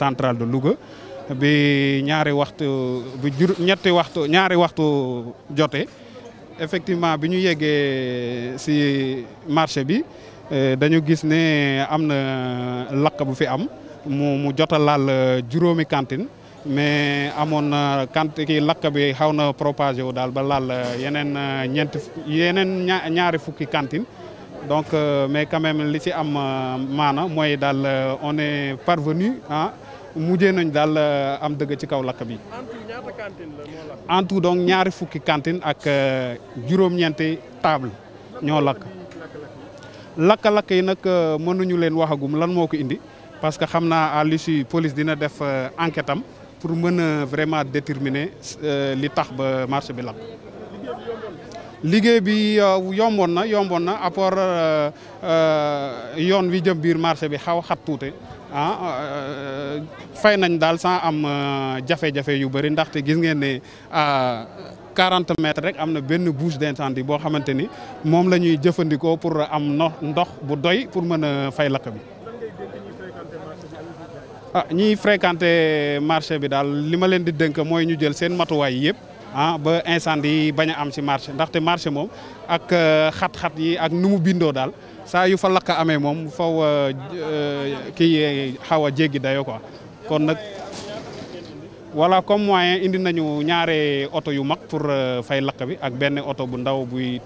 centrale de Louga bi ñaari waxtu bi waxtu ñaari waxtu jotee effectivement bi ñu yeggee si marché bi eh, dañu gis ne am na lakk bu fi am mu mu jot a laal eh, juróomi cantine mais amoon na kant ki lakk bi xaw na propagé wu daal ba laal eh, yeneen ñeenti ñaari fukki cantine donc euh, mais quand li ci am euh, maana mooy daal euh, on est parvenu ah mujjee nañ daal am dëgg ci kaw lakk bi. en tout donc ñaari fukki cantine ak juróom-ñeenti table ñoo lakk. lakk-lakk yi nag mënuñu leen waxagum lan moo ko indi parce que xam naa à l'issue police dina def enquête am pour mën a vraiment déterminer li tax ba marché bi lakk. liggéey bi euh, yomboon na yomboon na apport euh, euh, yoon wi jëm biir marché bi xaw xat tuute ah fay nañ daal sans am jafe-jafe yu bëri ndaxte gis ngeen ne quarante mètres rek am na benn bouche d'incendie boo xamante ni moom la ñuy jëfandikoo pour am ndox bu doy pour mën a fay lakk bi ah ñiy fréquenté marché bi daal li ma leen di dënk mooy ñu jël seen matuwaay yëpp ah ba incendie yi bañ a am ci marché ndaxte marché moom ak euh, xat-xat yi ak nu mu bindoo daal saa yu fa lakk amee moom faw euh, euh, kii xaw a jéggi dayoo quoi kon nag voilà comme moyen indi nañu ñaare oto yu mag pour fay lakk bi ak benn oto bu ndaw buy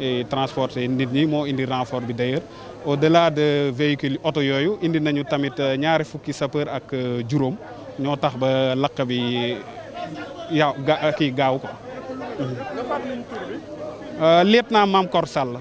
eh, transporter nit ñi moo indi renfort bi d'ailleurs au delà de véhicule oto yooyu indi nañu tamit ñaari fukki sapeur ak juróom ñoo tax ba lakk bi yaaw ga eh, kii gaaw ko lépp naa maam Kor Sall